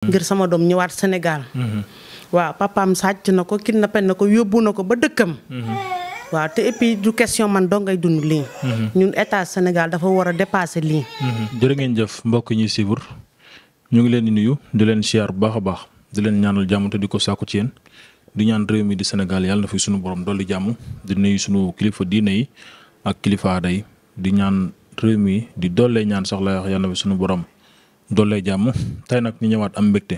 ngir sama doom ñëwaat Sénégal. waaw papaam sàcc na ko kidnappé na ko yóbbu na ko ba dëkkam. waaw te et du question man doo ngay dund lii. ñun état Sénégal dafa war a dépasser lii. jër ngeen jëf mbokk ñi sibur ñu ngi leen di nuyu di leen siyaar bu baax baax di leen ñaanul jàmm te di ko sàkku ci yéen di ñaan réew mi di Sénégal yàlla na fi suñu borom dolli jàmm di nuyu suñu kilifa diine yi ak kilifa aada yi di ñaan réew mi di dollee ñaan soxla yàlla na fi suñu borom. doolu lay jàmm tey nag ñu ñëwaat am mbégte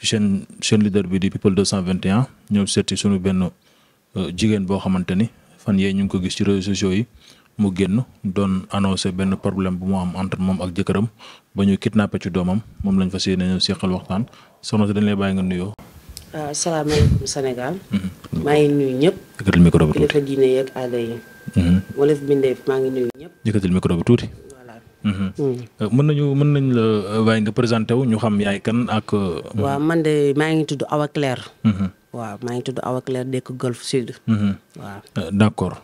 ci seen seen leader bi di people 221 ñëw seeti suñu benn euh, jigéen boo xamante ni fan yee ñu ngi ko gis ci réseaux sociaux yi mu génn doon annoncé benn problème bu mu am entre moom ak jëkkëram ba ñu kidnappé ci doomam moom lañ fas yéene ñëw seqal waxtaan soxna si dañ lay bàyyi nga nuyoo. waaw ah, salaamaaleykum Sénégal. Mm-hmm. maa ngi nuyu ñëpp. yëkkatil micro bi tuuti. Mm-hmm. Euh, mën nañu mën nañ la euh, waaye nga présenté wu ñu xam yaay kan ak. Euh, mm-hmm. waaw man de maa ngi tudd Awa Claire. Mm-hmm. waaw maa ngi tudd Awa Claire dëkk Golf Sud. waaw d'accord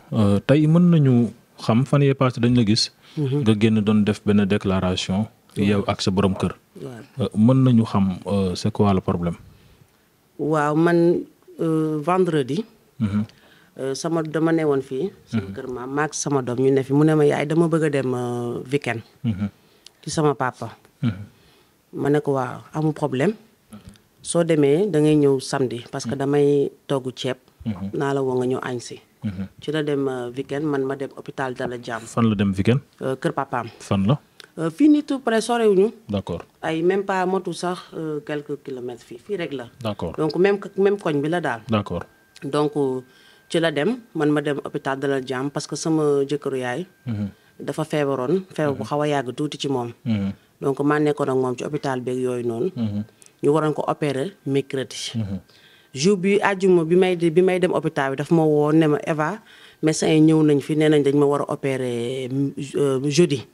tey mën nañu xam fan yee passé dañ la gis. nga génn doon def benn déclaration. yow ak sa borom kër. mën nañu xam c'est quoi le problème. waaw man vendredi. Euh, sama dama ne woon fii. Mhm. sama kër maam maag sama doom ñu ne fi mu ne ma yaay dama bëgg a dem euh, weekend. Mhm. ci sama papa. Mhm. ma ne ko waa amul problème. soo demee da ngay ñëw samdi parce que damay togg ceeb. naa la woo nga ñëw añ ci la dem euh, weekend man ma dem hôpital Dalal Jàmm. fan la dem weekend. kër papaam. fan la. fii nii tout près sorewuñu. d'accord ay même pas motu sax quelques kilomètres fii fii rek la. d'accord donc koñ bi la daal. d'accord ci la dem man ma dem hôpital Dalal Jàmm parce que sama jëkkëru yaay. Mhm. dafa feebaroon feebar bu mhm. xaw a yàgg tuuti ci moom. Mhm. donc maa nekkoon ak moom ci hôpital beeg yooyu noonu. ñu waroon ko opérer mercredi. jour bi àjjuma bi may bi may dem hôpital bi dafa ma woo ne ma Eva médecin yi ñëw nañ fi nee nañ dañ ma war a opérer euh, jeudi.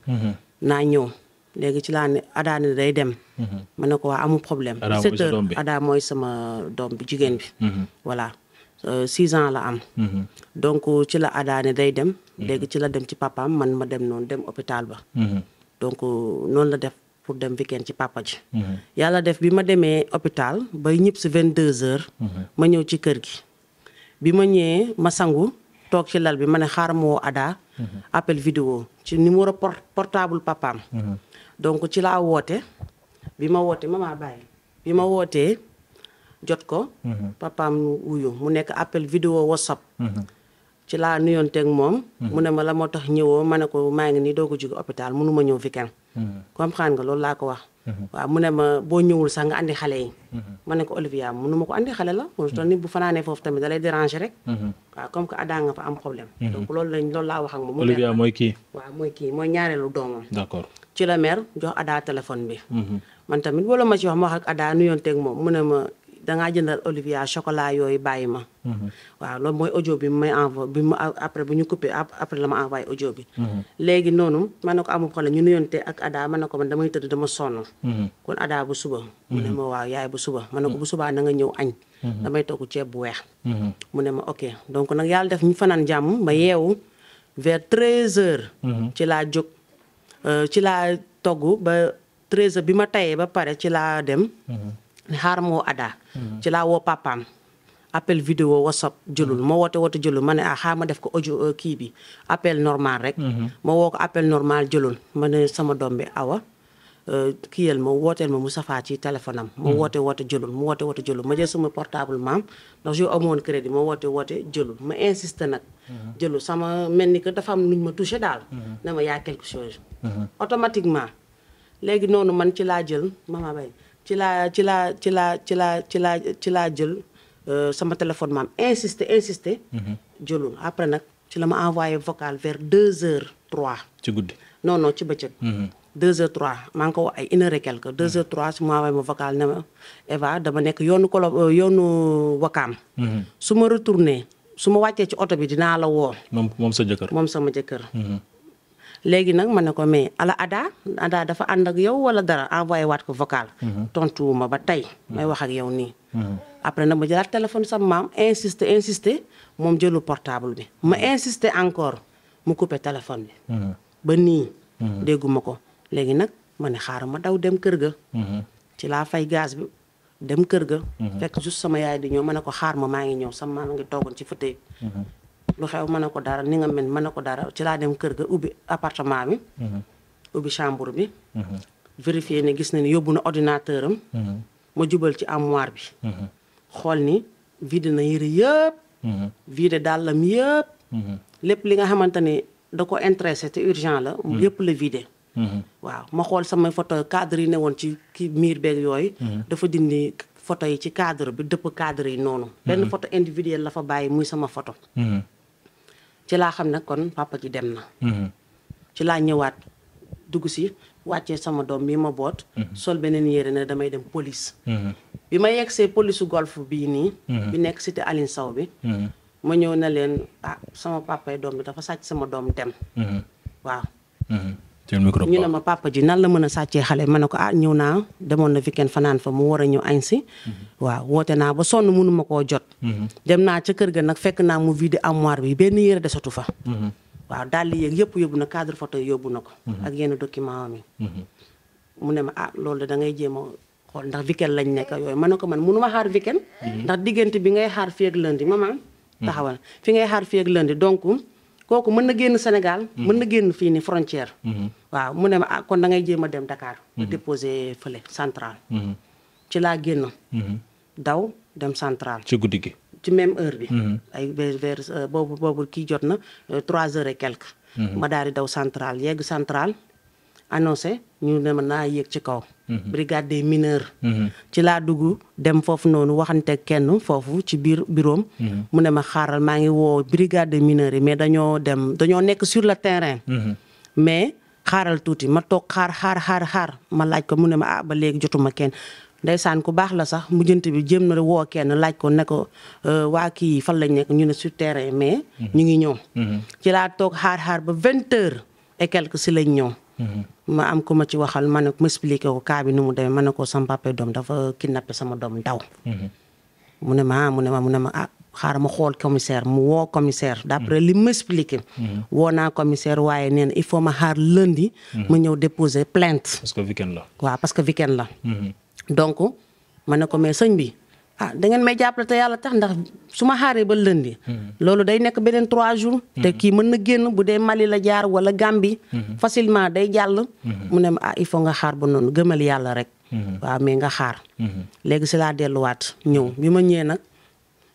naa ñëw léegi ci laa ne Ada ne day dem. ma ne ko waa amul problème. Ada mooy mooy sama doom bi jigéen bi. voilà. Euh, six ans la am. Mhm. donc euh, ci la adaane day dem. léegi ci la dem ci papaam man ma dem noonu dem hôpital ba. Mhm. donc euh, noonu la def pour dem weekend ci papa ji. Mhm. yàlla def bi ma demee hôpital bay ñëpp si vingt deux heures. ma ñëw ci kër gi bi ma ñëwee ma sangu toog ci lal bi ma ne xaar ma woo Ada. appel vidéo ci numéro portable papaam. donc ci laa woote bi ma woote ma maa bàyyi bi ma wootee. jot ko. Mhm. papaam wuyu mu nekk appel vidéo whatsapp. Mhm. ci laa nuyonteeg moom. Mhm. mu ne ma la moo tax ñëwoo ma ne ko maa ngi nii doo ko jóge hôpital mënu ma ñëw fi kenn. comprendre nga loolu laa ko wax. waaw mu ne ma boo ñëwul sax nga andi xale yi. ma ne ko Olivia ma ko andi xale la. kon toog nit bu fanaanee foofu tamit da lay déranger rek. waaw comme que Ada nga fa am problème. donc loolu lañ kii. waaw mooy kii mooy ñaareelu doomam. ci la mère jox Ada téléphone bi. man tamit wala ma ci wax ma wax ak Ada nuyonteeg moom mu ne ma. dangaa jëndal Olivia chocolat yooyu bàyyi ma. waaw loolu mooy audio bi mu may envoyé bi mu après bu ñu coupé après la ma envoyé audio bi. léegi noonu man ne ko amul problème ñu nuyoonte ak Ada man ne ko man damay tëdd dama sonn. kon Ada bu suba. mu ne ma waaw yaay bu suba man ne ko bu subaa a nga ñëw añ. damay togg ceeb bu weex. mu ne ma ok donc nag yàlla def ñu fanaan jàmm ma yeewu vers treize heures. ci laa jóg euh, ba treize heures bi ma tayee ba pare ci laa dem. xaar moo adaa ci laa woo papaam appel vidéo whatsapp jëlul ma woote woote jëlul ma ne aa ah, xaar ma def ko audio euh, kii bi appel normal rek mhm. ma woo ko appel normal jëlul ma ne sama doom bi awa euh, kiyal ma wooteel ma Moustapha ci téléphone am ma mhm. woote woote jëlul ma woote woote jëlul jël sama portable maam ndax yow amoon crédit ma woote woote jëlul ma insiste nag mhm. jëlul sama mel ni que dafa am nuñ ma touché daal ne ma yaa quelque chose automatiquement léegi noonu man ci laa jël mama bay ci la ci laa ci laa ci laa ci laa ci laa jël euh, sama téléphone maam insisté insisté. Mhm. jëlul après nag ci la ma envoyé vocal vers deux heures trois. ci guddi non ci bëccëg. Mhm. deux heures trois maa ngi ko wax ay une heure et quelque deux heures trois su ma envoyé ma vocal ne ma Eva dama nekk yoonu kolo euh, yoonu wakaam. Mhm. su ma retourné su ma wàccee ci oto bi dinaa la woo. moom moom sa jëkkër moom sama jëkkër. léegi nag ma ne ko mais ala Ada Ada dafa ànd ak yow wala dara envoyé waat ko vocal. Mhm. tontuwuma ba tey mhm. may wax ak yow nii. Mhm. après nag ma jëlaat téléphone sama maam insisté insisté moom jëlu portable bi ma insisté encore mu coupé téléphone bi. ba nii. dégguma ko léegi nag ma ne xaaral ma daw dem kër ga. ci laa fay gas bi dem kër ga. fekk juste sama yaay di ñëw ma ne ko xaar ma maa ngi ñëw sama maam ngi toogoon ci fauteuil. lu xew mën ko dara ni nga mel mën na ko dara ci laa dem kër ga ubbi appartement bi. Mm-hmm. ubbi chambre bi. Mm-hmm. vérifier ne gis na ni yóbbu na ordinateur am. Mm-hmm. ma jubal ci armoire bi. xool ni vide na yëre yëpp. vide dàllam yëpp. lépp li nga xamante ni da ko intéressé te urgent la. yëpp la vide. waaw ma xool sama photo cadre yi ne woon ci kii miir beeg yooyu. dafa dindi foto yi ci cadre bi dëpp cadre yi noonu. benn photo individuelle la fa bàyyi muy sama photo. ci laa xam ne kon papa ji dem na mm-hmm. ci laa ñëwaat dugg si wàccee sama doom bi ma boot mm-hmm. sol beneen yére ne damay dem police mm-hmm. bi ma yegsee polisu golf bii nii bi nekk cité Aline Saw bi ma ñëw na leen ah sama papay doom bi dafa sàcc sama doom dem waaw ñu ne ma papa ji nan la mën a sàccee xale ma ne ko ah ñëw naa demoon na weekend fanaan fa mu war a ñëw añ si mhm. waaw woote naa ba sonn mënuma koo jot mhm. dem naa ca kër ga nag fekk naa mu vide armoire bi benn yére desatu fa mhm. waaw daal di yéeg yëpp yóbbu na cadre yóbbu na ko ak yenn document mi mu ne ma ah loolu da ngay jéem a xool ndax weekend lañ nekk yooyu man na ko man mënu ma xaar weekend ndax diggante bi ngay xaar fii ak lundi maman taxawal fi ngay xaar fii ak lundi donc kooku mën na génn Sénégal. Mhm. mën na génn fii ni frontière. Mhm. waaw mu ne ma ah kon da ngay jéem a dem Dakar. Mhm. déposer fële central. ci laa génn. daw dem central. ci guddi ci même heure bi. ay euh, boobu boobu kii jot na euh, trois heures et quelque. ma daal di daw central yegg central. annoncé ñu ne ma naa yéeg ci kaw. Mhm. brigade des mineurs. Mhm. ci laa dugg dem foofu noonu waxante kenn foofu ci biir bureau mhm. mu ne ma xaaral maa ngi woo brigade des mineurs yi mais dañoo dem dañoo nekk sur le terrain. mais xaaral tuuti ma toog xaar xaar xaar ma laaj ko mu ne ma ah ba léegi jotuma kenn. ndeysaan ku baax la sax mujjant bi jéem na woo kenn laaj ko ne ko euh, waa kii fan lañ nekk ñu ne sur terrain mais. ñu ngi ñëw. ci laa toog xaar xaar ba vingt heures et si lañ ñëw. ma am ko ma ci waxal ma ne ma expliqué ko cas bi nu mu demee ma ne ko sama papa doom dafa kidnappé sama doom daw. Mhm. mu ne ma ah, mu ne ma mu ne ma ah xaaral ma xool commissaire mu woo commissaire d'après li ma expliqué. Mhm. woo naa commissaire waaye nee il faut ma xaar lundi. Mhm. ma ñëw déposer plainte. parce que weekend la. la. donc ma ne ko mais sëñ bi. ah da ngeen may jàppale te yàlla tax ndax su ma xaaree ba lëndi hmm. loolu day nekk beneen trois jours. te hmm. kii mën na génn bu dee Mali la jaar wala gàmbi hmm. facilement day jàll. mu ne ma ah il faut nga xaar ba noonu gëmal yàlla rek. waaw mais nga xaar. léegi si laa delluwaat ñëw bi ma ñëwee nag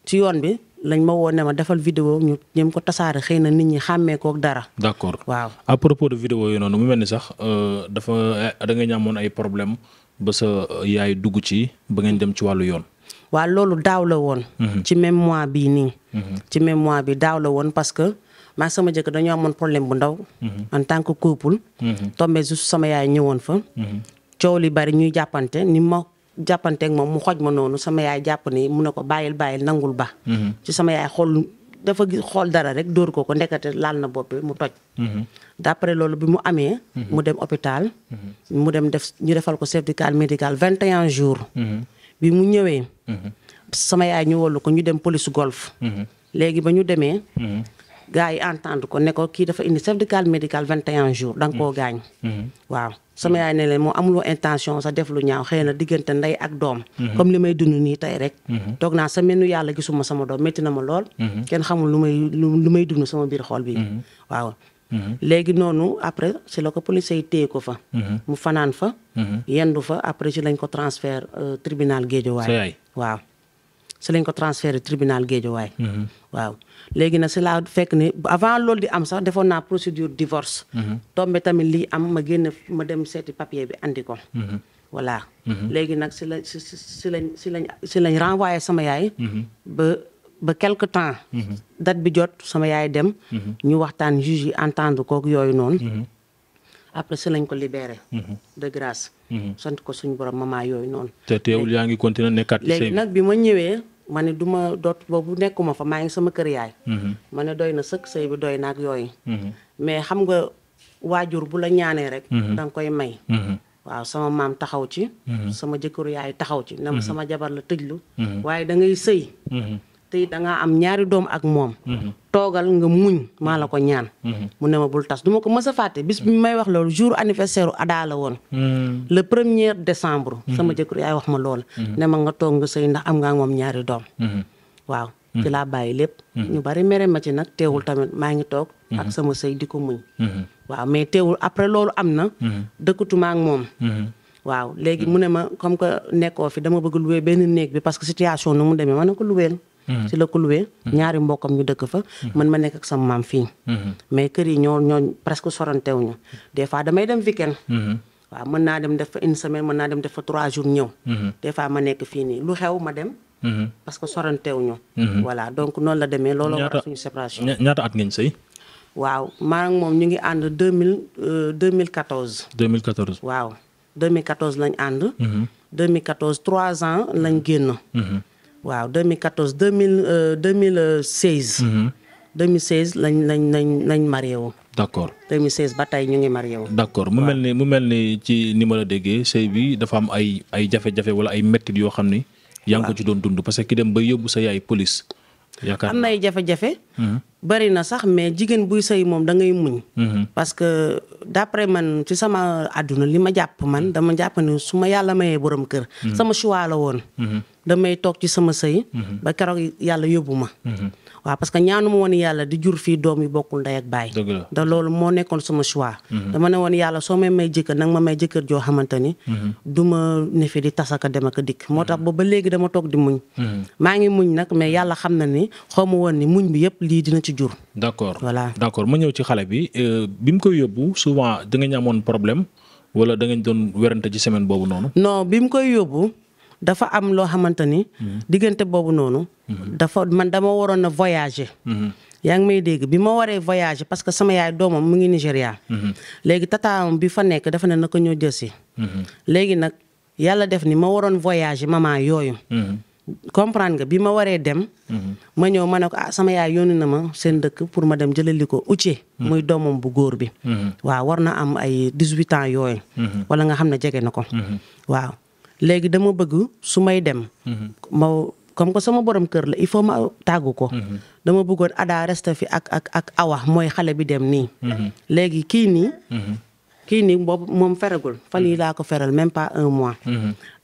ci yoon bi. lañ ma woo ne ma defal vidéo ñu ñem ko tasaare xëy na nit ñi xàmmee kook dara. d' waaw à de vidéo yi noonu mu mel ni sax euh, dafa da nga ñamoon ay problème ba sa euh, dugg ci ba ngeen dem ci wàllu yoon. waa loolu daaw la woon. Mhm. ci même mois bii nii. Mhm. ci même mois bi daaw la woon parce que maa sama jëkk dañoo amoon problème bu ndaw. Mhm. en tant que couple. tombé juste sama yaay ñëwoon fa. coow li bari ñuy jàppante ni ma jàppanteeg moom mu xoj ma noonu sama yaay jàpp ni mu ne ko bàyyil bàyyil nangul ba. ci sama yaay xool dafa xool dara rek dóor ko ko ndekete laal na bopp mu toj. d'après loolu bi mu amee. mu dem hôpital. mu dem def ñu defal ko cervical médical 21 jours. bi mu ñëwee. Mhm. sama yaay ñu wollu ko ñu dem police golf. Mhm. léegi ba ñu demee. Mhm. gaa yi entendre ko ne ko kii dafa indi cervical médical 21 jours da nga koo gaañ. waaw sama yaay ne leen moo amuloo intention sa def lu ñaaw xëy na diggante ndey ak doom. comme li may dund nii tey rek. toog naa sa menu yàlla gisuma sama doom métti na ma lool. kenn xamul lu may lu may dund sama biir xool bi waaw Mm-hmm. léegi noonu après si la ko police yi téye ko fa. Mm-hmm. mu fanaan fa. Mm-hmm. yendu fa après si lañ ko transfert euh, tribunal Guédiawaye. waaw si lañ ko transféré tribunal Guédiawaye. waaw léegi nag si laa fekk ni avant loolu di am sax defoon naa procédure divorce. tombé tamit lii am ma génn ma dem seeti papier bi andi ko. voilà léegi nag si la si si lañ si lañ si lañ renvoyé sama yaay. ba quelque temps. Mhm. date bi jot sama yaay dem. Mhm. ñu waxtaan juge yi entendre kook yooyu noonu. Mhm. après si lañ ko libéré. de grâce. sant ko suñu borom maman yooyu noonu. te teewul yaa ngi continué nekkaat. nag bi ma ñëwee ma ne du ma doot boobu nekkuma fa maa ngi sama kër yaay. ma ne doy na sëkk sëy bi doy na ak yooyu. mais xam nga waajur bu la ñaanee rek. danga nga koy may. waaw sama maam taxaw ci. sama jëkkëru yaay taxaw ci. na ma sama jabar la tëjlu. waaye da sëy. te dangaa am ñaari doom ak moom. Mhm. toogal nga muñ maa la ko ñaan. Mhm. mu ne ma bul tas du ma ko mës a fàtte bis bi may wax loolu jour anniversaire Ada la woon. Mhm. le premier décembre. sama jëkkër yaay wax ma lool. ne ma nga toog nga sëy ndax am nga moom ñaari doom. waaw ci laa bàyyi lépp. ñu bari mere ma ci nag teewul tamit maa ngi toog. ak sama sëy di ko muñ. waaw mais teewul après loolu am na. dëkkatuma moom. waaw léegi mu ne ma comme que nekkoo fi dama bëgg louer benn si mm-hmm. la ko luwee mm-hmm. ñaari mbokkam ñu dëkk fa mm-hmm. man ma nekk ak sama maam fii mais kër yi ñoo ñoo presque sorantewuñu des fois damay dem weekend waaw mën naa dem def fa une semaine mën naa dem def fa trois jours ñëw des ma nekk fii nii lu xew ma dem parce que sorantewuñu voilà donc noonu la demee looloo waral suñu séparation ñaata at ngeen sëy waaw maa ngi moom ñu ngi ànd deux mille euh, deux mille quatorze deux mille quatorze waaw 2014 lañ ànd 2014 trois ans lañ génn waaw 2014 2000 2016. 2016 lañ lañ lañ lañ marié wu. d' accord 2016 ba tey ñu ngi marié wu. d' accord mu mel ni mu mel ni ci ni ma la déggee sëy bi dafa am ay ay jafe-jafe wala ay mettit yoo xam ni. yaa ngi ko ci doon dund parce ki dem ba yóbbu sa yaay police. yaakaar am na ay jafe-jafe. Mhm. bari na sax mais jigéen buy sëy moom da ngay muñ. Mhm. parce que man ci sama àdduna li ma jàpp man dama jàpp ne su ma yàlla mayee borom kër. Mhm. sama choix la woon. damay toog ci sama sëy mhm. ba keroog yàlla yóbbu ma mhm. waaw parce que ñaanu ma woon yàlla di jur fii doom yi bokkul ndey ak baay da loolu moo nekkoon sama choix mhm. dama ne woon yàlla soo may may jëkkër nag ma may jëkkër joo xamante ni du ma ne fi di tasaka dem ak dikk moo tax ba ba léegi dama toog di muñ maa ngi muñ nag mais yàlla xam na ni xaw ma woon ni muñ bi yëpp lii dina ci jur d'accord voilà d'accord ma ñëw ci xale bi euh, bi mu koy yóbbu souvent da nga ñu amoon problème wala da ngeen doon werante ci semaine boobu noonu dafa am loo xamante ni. diggante boobu noonu. dafa man dama waroon na voyager. yaa ngi may dégg bi ma waree voyage parce que sama yaay doomam mu ngi Nigéria. léegi tataam bi fa nekk dafa ne na ko ñoo jëlsi. léegi nag yàlla def ni ma waroon voyage maman yooyu. comprendre nga bi ma waree dem. ma ñëw ma ne ko ah sama yaay yónni na ma seen dëkk pour ma dem jëlali ko ucce muy doomam bu góor bi. Mhm. waaw war am ay dix-huit mhm. wala nga xam jege na léegi dama bëgg su may dem. Mhm. ma comme que sama borom kër la il faut ma tàggu ko. Mhm. dama bëggoon Ada reste fi ak ak ak Awa mooy xale bi dem nii. Mhm. léegi kii nii. kii nii boobu moom feragul fa lii laa ko feral même pas un mois.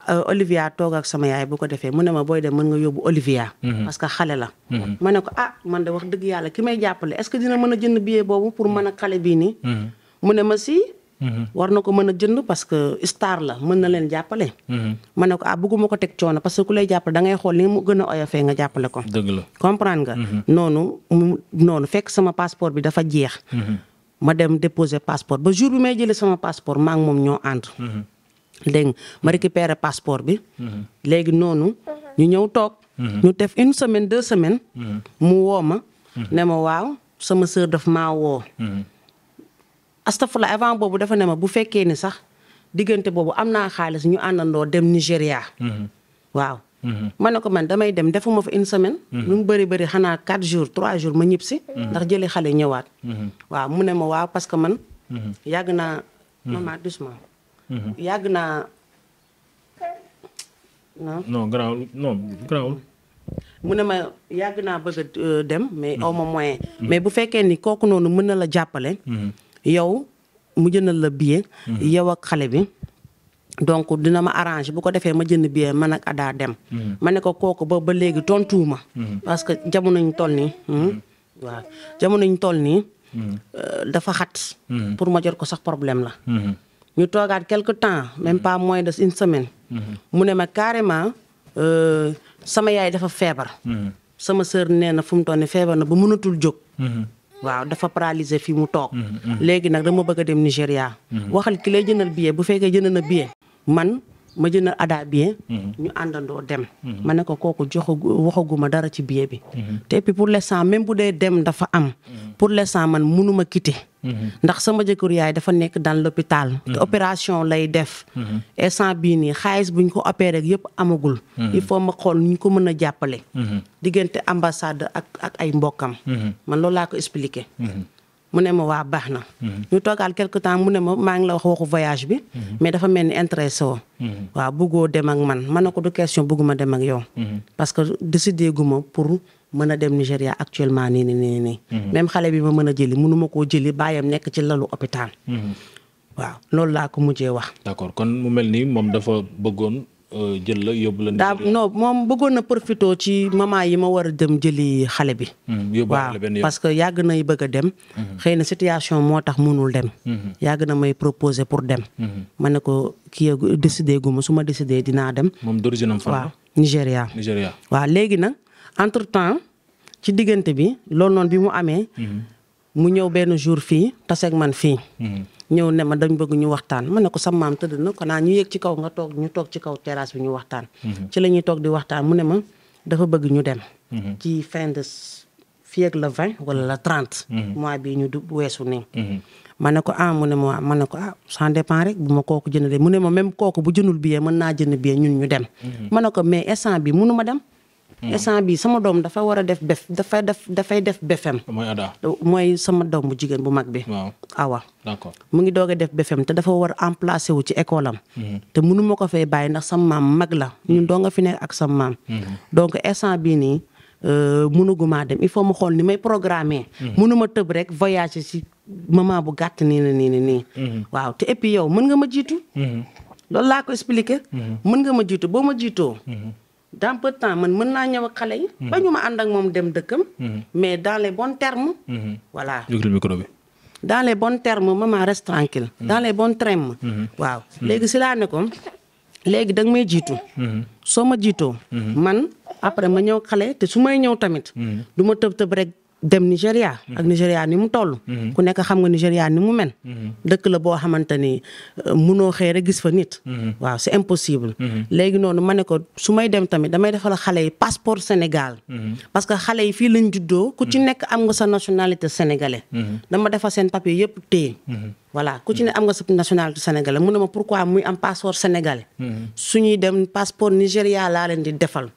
Euh, Olivia toog ak sama yaay bu ko defee mu ne ma booy dem mën nga yóbbu Olivia. parce xale la. ma ne ko ah man de wax dëgg yàlla ki may jàppale est-ce dina mën a jënd billet boobu pour mën a xale bii nii. mu ne ma si. Mm-hmm. war na ko mën a jënd parce que star la mën na leen jàppale. Mm-hmm. ma ne ko ah bëgguma ko teg coono parce que ku lay jàppale da ngay xool li mu gën a oyofee nga jàppale ko. dëgg la comprendre nga. Mm-hmm. noonu noonu fekk sama passeport bi dafa jeex. ma dem déposer passeport ba jour bi may jëlee sama passeport maa moom ñoo ànd. dégg ma récupérer passeport bi. léegi noonu ñu ñëw toog. ñu def une semaine deux semaines. mu woo ma. ne ma waaw sama sœur daf maa woo. asta astafurla avant boobu dafa ne ma bu fekkee ni sax diggante boobu am naa xaalis ñu àndandoo dem nigeria mhm. waaw. Mhm. ma ne ko man damay dem defuma fa une semaine. Mhm. lu mu bari bëri xanaa quatre jours trois jours ma ñib si. ndax jëlee xale ñëwaat. waaw mu ne ma waaw parce que man. yàgg naa. maman doucement. yàgg naa non. mu ne ma yàgg naa bëgg a euh, dem mais aw ma moyen. mais bu fekkee ni kooku noonu mën na la jàppale. yow mu jëndal la billet. Mhm. yow ak xale bi. donc dina ma arrangé bu ko defee ma jënd bie man ak Ada dem. Mhm. ma ne ko kooku ba ba léegi tontuwuma. Mhm. parce que jamono ñu toll nii. Hmm? waaw jamono nii. Euh, dafa xat. pour ma jot ko sax problème la. toogaat quelque temps même pas moins de une semaine. mu ne ma carrément euh, sama yaay dafa feebar. sama sœur nee na fu mu toll nii feebar na ba mënatul jóg. waaw dafa paralysé fi mu toog. Mm-hmm. léegi nag dama bëgg a dem Nigéria. Mm-hmm. waxal ki lay jëndal billet bu fekkee jënd na billet man ma jënd ada mhm. ñu àndandoo dem. Mhm. ma ne ko kooku joxagu waxaguma dara ci billet bi. Mhm. te et puis pour l'instant même bu dee dem dafa am. pour l'instant man mënuma kiti ndax sama jëkkër yaay dafa nekk dans l'hôpital. te opération lay def. instant bii nii xaalis buñ ko opéré yëpp amagul. il faut ma xool nuñ ko mën a jàppale. diggante ambassade ak ak ay mbokkam. man loolu ko expliqué. mu ne ma waa baax na. Mhm. ñu toogaal quelque temps mu ne ma maa ngi la wax waxu voyage bi. Mhm. mais dafa mel ni intéressé woo. Mhm. waaw bëggoo dem ak man ma ne ko du question bëgguma dem ak yow. parce que décidé gu ma pour mën a dem Nigéria actuellement nii nii nii. même xale bi ma mën a jëli mënu ma koo jëli bàyyam nekk ci lalu hôpital. waaw loolu laa ko mujjee wax. d'accord kon mu mel ni moom dafa bëggoon. Euh, jël la daa non moom bëggoon na profité ci maman yi ma war a dem jëli xale bi. Hmm, waaw parce que yàgg nay bëgg a dem. Hmm. xëy na situation moo tax mënul dem. Hmm. yàgg na may proposer pour dem. ma ne ko kii décidé gu ma su ma décidé dinaa dem. moom d'origine am léegi nag entre temps ci diggante bi loolu noonu bi mu amee. mu ñëw benn jour fii taseeg man fii. ñëw ne ma dañ bëgg ñu waxtaan ma ne ko sa maam tëdd na konaa ñu yëg ci kaw nga toog ñu toog ci kaw terrasse bi ñu waxtaan mhm. ci la ñuy toog di waxtaan mu ne ma dafa bëgg ñu dem mhm. ci fin de fii ak le vingt wala la trente mhm. mois bi ñu du weesu nii ma ne ko ah mu ne ma ma ne ko ah ça dépend rek bu ma kooku jëndalee mu ne ma même kooku bu jëndul billet mën naa jënd billet ñun ñu dem ma ko mais instant bi mënu ma dem Mm. instant bi sama doom dafa war a def bef dafa def dafay def befem mooy sama doom bu jigéen bu mag bi awa d'accord mu ngi doog def befem te dafa war a emplacé wu ci école am mm-hmm. te mënu ma ko fay bàyyi ndax sama maam mag la mm-hmm. ñun doo fi ne ak sama maam mm-hmm. donc instant bi nii euh, mënuguma dem il faut ma xool ni may programme programmer ma tëb rek voyager si moment bu gàtt nii na nii na nii waaw te et puis yow mën nga ma jiitu loolu laa ko expliqué mën nga ma jiitu boo ma jiitoo dans peu de temps man mën naa ñëw ak xale yi. Mhm. ba ñu ma ànd ak moom dem dëkkam. Mhm. mais dans les bons termes. Mhm. voilà jógul micro bi. dans les bons termes maman reste tranquille dans les bons waaw léegi si laa ne ko léegi da nga may jiitu. soo ma jiitoo. man après ma ñëw xale te su may ñëw tamit. du ma tëb tëb rek. dem Nigéria. ak mhm. Nigéria ni mu toll. Mhm. ku nekk xam nga Nigéria ni mu mel. Mhm. dëkk la boo xamante ni euh, munoo xëy rek gis fa nit. waaw c'est impossible. léegi noonu ma ne ko su may dem tamit damay defal xale yi passeport Sénégal. parce que xale yi fii lañ juddoo. ku ci nekk am nga sa nationalité sénégalais. dama defal seen papier yëpp téye. voilà ku ci ne am nga sa nationalité sénégalais mu ne ma pourquoi muy am passeport sénégalais. su ñuy dem passeport Nigéria laa leen di defal.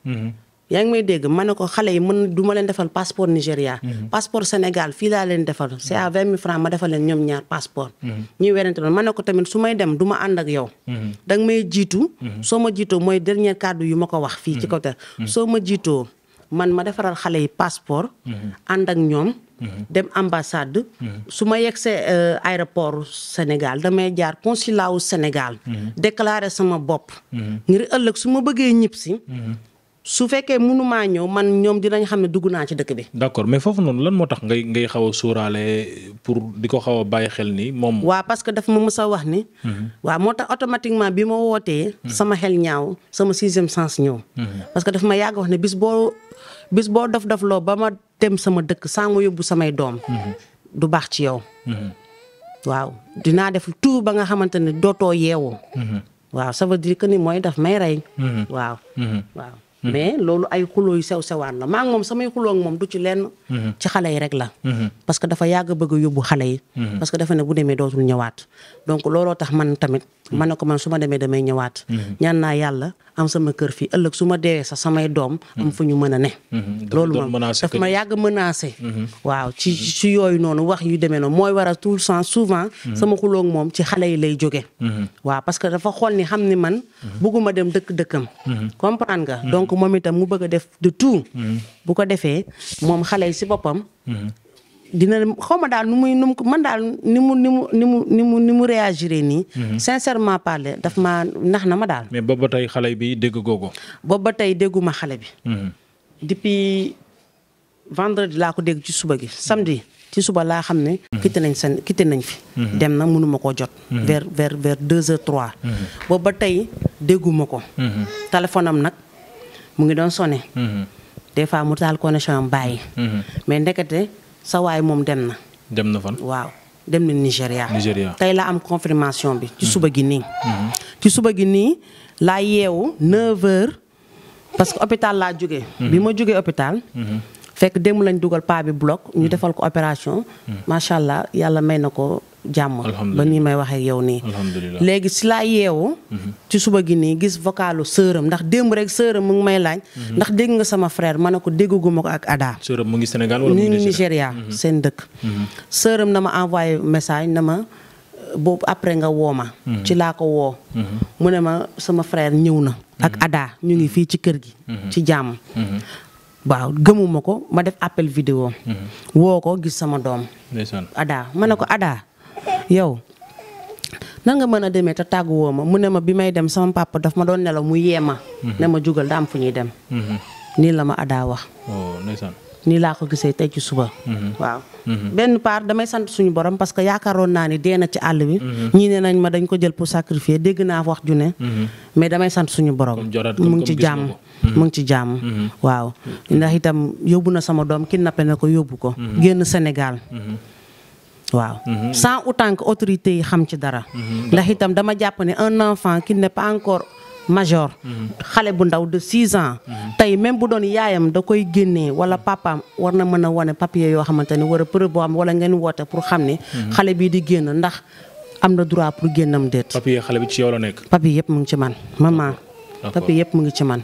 yaa ngi may dégg ma ne ko xale yi mën du ma leen defal passeport Nigéria. Mhm. passeport Sénégal fii laa leen defal mhm. c'est à vingt mille francs ma defal leen ñoom ñaar passeport. Mhm. ñuy werante loolu ma ne ko tamit su may dem du ma ànd ak yow. da nga may jiitu. soo ma jiitoo mooy dernier kàddu yu ma ko wax fii ci kaw ter soo ma jiitoo man ma defaral xale yi passeport. ànd ak ñoom. dem ambassade. su ma yegsee euh, aéroport Sénégal damay jaar consulat wu Sénégal. déclarer sama bopp. ngir bëggee ñibbisi. su fekkee mënumaa ñëw man ñoom dinañ xam ne dugg naa ci dëkk bi. d'accord mais foofu noonu lan moo tax ngay ngay xaw a sóoraale pour di ko xaw a bàyyi xel ni moom. waa parce que daf ma mës a wax ni. Mhm. waaw moo tax automatiquement bi ma wootee. Mhm. sama xel ñaaw sama sixième sens ñëw. Mhm. parce que daf ma yàgg wax ne bis boo bis boo dof dof loo ba ma dem sama dëkk saa nga yóbbu samay doom. du baax ci yow. waaw dinaa def tout ba nga xamante ne dootoo yeewoo. waaw ça veut dire que ni mooy daf may rey. waaw. Hmm. mais loolu ay xuloo yu sew sewaan la maa moom samay xuloo moom du ci lenn. Hmm. ci xale yi rek la. Hmm. parce que dafa yàgg bëgg a yóbbu xale yi. parce que dafa ne bu demee dootul ñëwaat donc looloo tax man tamit. Mm-hmm. ma ne ko man su ma demee damay ñëwaat. Mm-hmm. ñaan naa yàlla am sama kër fii ëllëg su ma deewee sax samay doom. am mm-hmm. fu ñu mën a ne. loolu moom daf ma yàgg menacé. waaw ci ci yooyu noonu wax yu demee noonu mooy waral tout le temps souvent. sama xuloog moom ci xale yi lay jóge. waaw parce que dafa xool ni xam ni man. bëgguma dem dëkk dëkkam. comprendre nga donc moom itam mu bëgg a def de tout. bu ko defee moom xale yi si boppam. dina xaw ma daal nu muy nu mu man daal ni mu ni mu ni mu ni mu ni mu réagir nii. Mhm. sincèrement parler daf ma nax na ma daal. mais boobu ba tey xale bi dégg googu. boobu ba tey dégguma xale bi. Mhm. depuis vendredi laa ko ci suba gi ci suba laa xam ne. Mhm. quitté nañ seen nañ fi. dem na mënuma koo jot. vers vers vers deux ba tey dégguma ko. téléphone am nag mu ngi doon sonné. des fois mu taal connexion am bàyyi. mais ndekete. sa waay moom dem na. dem na fan waaw dem na Nigéria. Nigéria tey la am confirmation bi. ci suba gi nii. Mhm. ci suba gi nii laa yeewu 9h parce que hôpital laa jógee. Mhm. bi ma jógee hôpital. Mhm. fekk démb lañ dugal paa bi bloc. ñu hmm. defal ko opération. Hmm. macha allah yàlla may na ko jàmm. ba nii may waxee yow nii. léegi si laa yeewu. Hmm. ci suba gi nii gis vocalu sëram ndax démb rek sëram mu ngi may laaj. ndax dégg nga sama frère ma ne ko dégguma ko ak Ada. sëram mu ngi Sénégal wala mu ngi Nigéria seen dëkk. sëram na ma envoyé message na ma boobu après nga woo ma. ci laa ko woo. mu ne ma sama frère ñëw na. ak Ada ñu ngi fii ci kër gi. ci jàmm. waaw gëmuma ko ma def appel vidéo mhm. woo ko gis sama doom adaa ma ne ko adaa yow nan nga mën a demee te tàgg woo ma mu ne ma bi may dem sama papa daf ma doon nelaw mu yee ma mhm. ne ma jugal da am fu ñuy dem mhm. nii la ma adaa wax oh, nii laa ko gisee tey ci suba waaw benn part damay sant suñu borom parce que yaakaaroon naa ni dee na ci àll bi ñii ne nañ ma dañ ko jël pour sacrifier dégg naa wax ju ne mais damay sant suñu borom mu ngi ci jàmm mu ngi ci jàmm waaw ndax itam yóbbu na sama doom kidnappé na ko yóbbu ko génn Sénégal waaw san autant que autorité yi xam ci dara ndax itam dama jàpp ne un nan fan ki pas encore major xale bu ndaw de six ans tey même bu doon yaayam da koy génnee wala papaam war na mën a wane papier yoo xamante ne war a preuve boo xam wala ngeen woote pour xam ne xale bii di génn ndax am na droit pour génnam déet papier xale bi ci yow nekk papier yëpp mu ngi ci man maman papier yëpp mu ngi ci man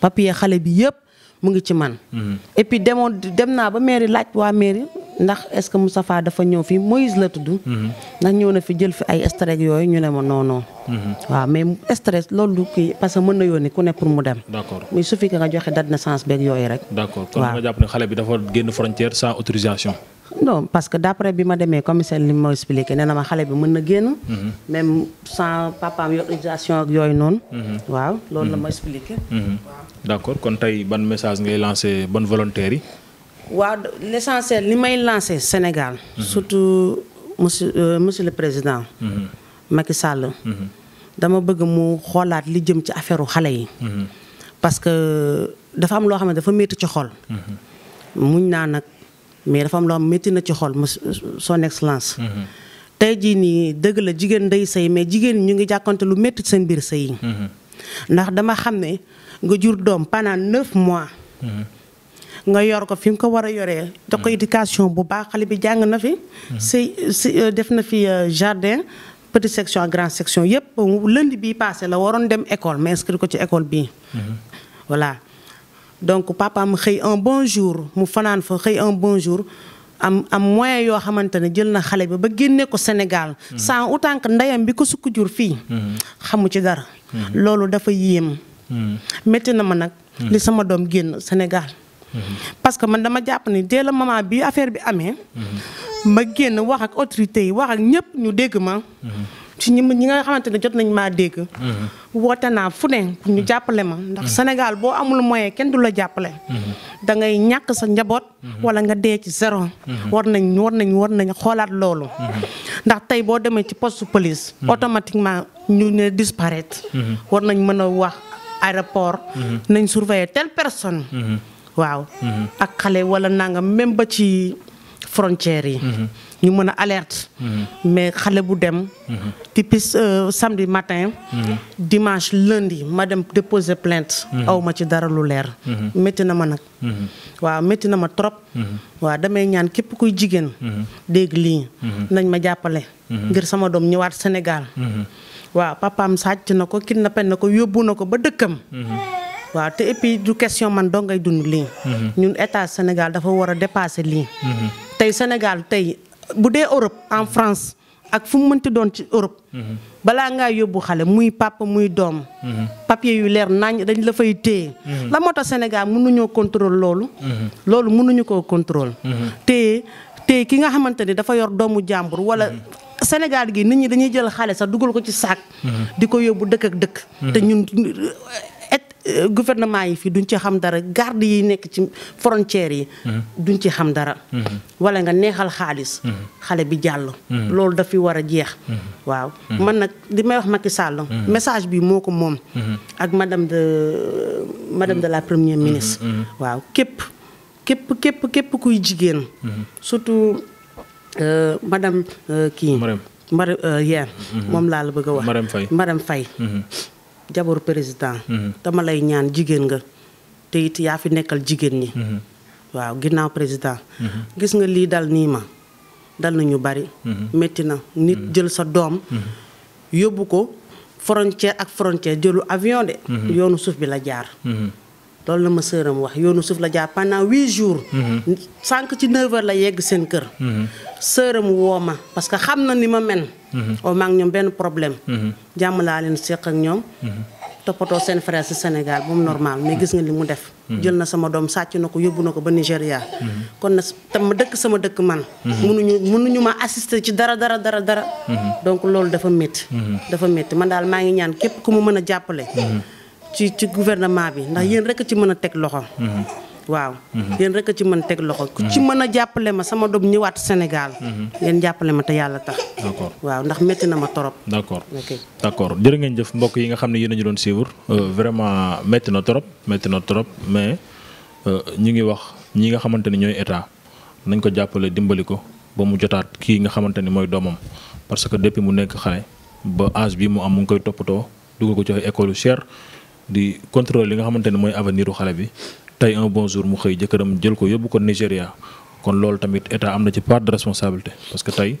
papier xale bi yëpp mu ngi ci man mhm. et puis demoon dem naa ba mairie laaj waa mairie ndax est-ce que Moustapha dafa ñëw fi Moïse la tudd mhm. ndax ñëw na fi jël fi ay stress yooyu ñu ne ma non non mhm. waaw mais stress loolu kii parce que mën na yónni ku ne pour mu dem d'accord mais suffit que nga joxe date de naissance beeg yooyu rek d'accord kon nga jàpp ne xale bi dafa génn frontière sans autorisation non parce que d'après bi ma demee commissaire li ma expliqué nee na ma xale bi mën na génn. Mm-hmm. même sans papaam yor ak yooyu noonu. Mm-hmm. waaw loolu la ma mm-hmm. expliqué. d'accord kon tey ban message ngay lancé ban volontaire yi. waaw l'essentiel li may lancé Sénégal. surtout monsieur euh, monsieur le président. Macky Sall. dama bëgg mu xoolaat li jëm ci affaire xale yi. parce que dafa am loo xam ne dafa métti ci xol. muñ naa nag. mais dafa am loo xam métti na ci xol son excellence. Mm-hmm. tey jii nii dëgg la jigéen day sëy mais jigéen ñu ngi jàkkante lu métti seen biir sëy yi. Mm-hmm. ndax dama xam ne nga jur doom panaan neuf mois. Mm-hmm. nga yor ko fi nga ko war a yoree. jox ko éducation bu baax xale bi jàng na fi. sëy si euh, def na fi euh, jardin. petite section ak grande section yëpp lundi bii passé la waroon dem école mais inscrit ko ci école bii. voilà donc papaam xëy un bon jour mu fanaan fa xëy un bon jour am am moyen yoo xamante ne jël na xale bi ba génne ko Sénégal. Mhm. sa autant que ndeyam bi ko sukk jur fii. Mhm. xamu ci dara. Mhm. loolu dafa yéem. métti na ma nag. li sama doom génn Sénégal. parce que man dama jàpp ni dès le moment bi affaire bi amee. ma génn wax ak autorité yi wax ak ñëpp ñu dégg ma. ci ñi ñi nga xamante ne jot nañ maa dégg. Mm-hmm. woote naa fu ne pour ñu mm-hmm. jàppale ma. ndax mm-hmm. Sénégal boo amul moyen kenn du la jàppale. da ngay ñàkk sa njaboot. wala nga dee ci zéro. war nañ war nañ war nañ xoolaat loolu. ndax tey boo demee ci poste police. automatiquement ñu ne disparaître. war nañ mën a wax aéroport. nañ surveiller telle personne. waaw ak xale wala nangam même ba ci. frontières yi. Mhm. ñu mën a alerte. Mhm. mais xale bu dem. Mhm. tipis euh, samedi matin. dimanche lundi ma dem déposer plainte. aw ma ci dara lu leer. métti na ma nag. waaw métti na ma trop. waaw damay ñaan képp kuy jigéen. dégg lii. nañ ma jàppale. ngir sama doom ñëwaat Sénégal. waaw papaam sàcc na ko kidnappé na ko yóbbu na ko ba dëkkam. waaw te et du question man doo ngay dund lii. ñun état Sénégal dafa war a dépasser lii. tey Sénégal tey bu dee Europe en France ak fu mu mënti doon ci Europe. Mhm. balaa ngaa yóbbu xale muy papa muy doom. Mhm. papier yu leer nañ dañ la fay téye. Mhm. la moo tax Sénégal mënuñoo contrôle loolu. loolu mënuñu koo contrôle. téye téye ki nga xamante ni dafa yor doomu jàmbur wala. Sénégal gi nit ñi dañuy jël xale sax dugal ko ci saak. di ko yóbbu dëkk ak dëkk. te ñun Euh, gouvernement yi fii duñ ci xam dara garde yi nekk ci frontières yi. Mhm. duñ ci xam dara. Mhm. wala nga neexal xaalis. Mhm. xale bi jàll. loolu dafi war a jeex. waaw man nag li may wax Macky Sall. message bi moo ko moom. ak madame de madame de la première ministre. waaw képp képp képp kuy jigéen. surtout euh, madam euh, kii. Marème Marème moom laa la bëgg a wax. Marème fay jabaru président. dama lay ñaan jigéen nga te it yaa fi nekkal jigéen ñi. Mhm. waaw ginnaaw président. Mhm. gis nga lii dal nii ma dal na ñu bari. métti mhm. na nit jël sa doom. yóbbu ko frontière ak frontière jëlu avion de. yoonu suuf bi la jaar. loolu la ma sëram wax yoonu suuf la jàpp pendant huit jours. Mhm. sànq ci neuf heures la yegg seen kër. Mhm. sëram woo ma parce que xam na ni ma men oo mhm. maa ak ñoom benn problème. jàmm laa leen seq ak ñoom. toppatoo seen frère si Sénégal ba mu normal mais gis nga li mu def. jël na sama doom sàcc na ko yóbbu na ko ba Nigéria. kon na ma dëkk sama dëkk man. mënuñu mënuñu ma assister ci dara dara dara dara. donc loolu dafa métti. dafa métti man daal maa ngi ñaan képp ku ma mën a jàppale. ci ci gouvernement bi ndax yéen a ci mën a teg loxo. waaw mhm. yéen rek ci mën teg loxo ci mhm. mën a jàppale ma sama doom ñëwaat Sénégal. Mhm. ngeen jàppale ma te yàlla tax. d'accord waaw ndax métti na ma torop. d'accord d'accord jërë ngeen jëf mbokk yi nga xam ne a ñu doon suivre euh, vraiment na torop métti na torop mais euh, ñu ngi wax ñi nga xamante ni ñooy état nañ ko jàppale dimbali ko ba mu jotaat kii nga xamante ni mooy doomam parce que depuis mu nekk xale ba âge bi mu am mu ngi koy toppatoo dugal ko ci ay cher. di contrôler li nga xamante ne mooy avenir u xale bi tey un bon jour mu xëy jëkkëram jël ko yóbbu ko Nigéria kon loolu tamit état am na ci part de responsabilité parce que tey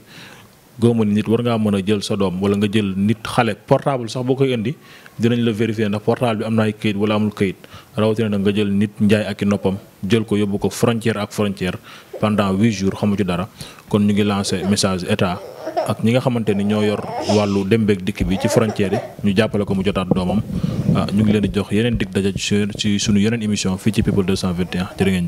góoma ni nit war ngaa mën a jël sa doom wala nga jël nit xale portable sax boo koy indi dinañ la vérifier ndax portable bi am na ay këyit wala amul këyit rawatina nag nga jël nit njaay ak i noppam jël ko yóbbu ko frontière ak frontière pendant huit jours xamu ci dara kon ñu ngi lancé message état ak ñi nga xamante ni ñoo yor wàllu dem beeg dikk bi ci frontière yi ñu jàppale ko mu jotaat doomam ah, ñu ngi leen di jox yeneen dig daja ci suñu yeneen émission fii ci people 221 jërë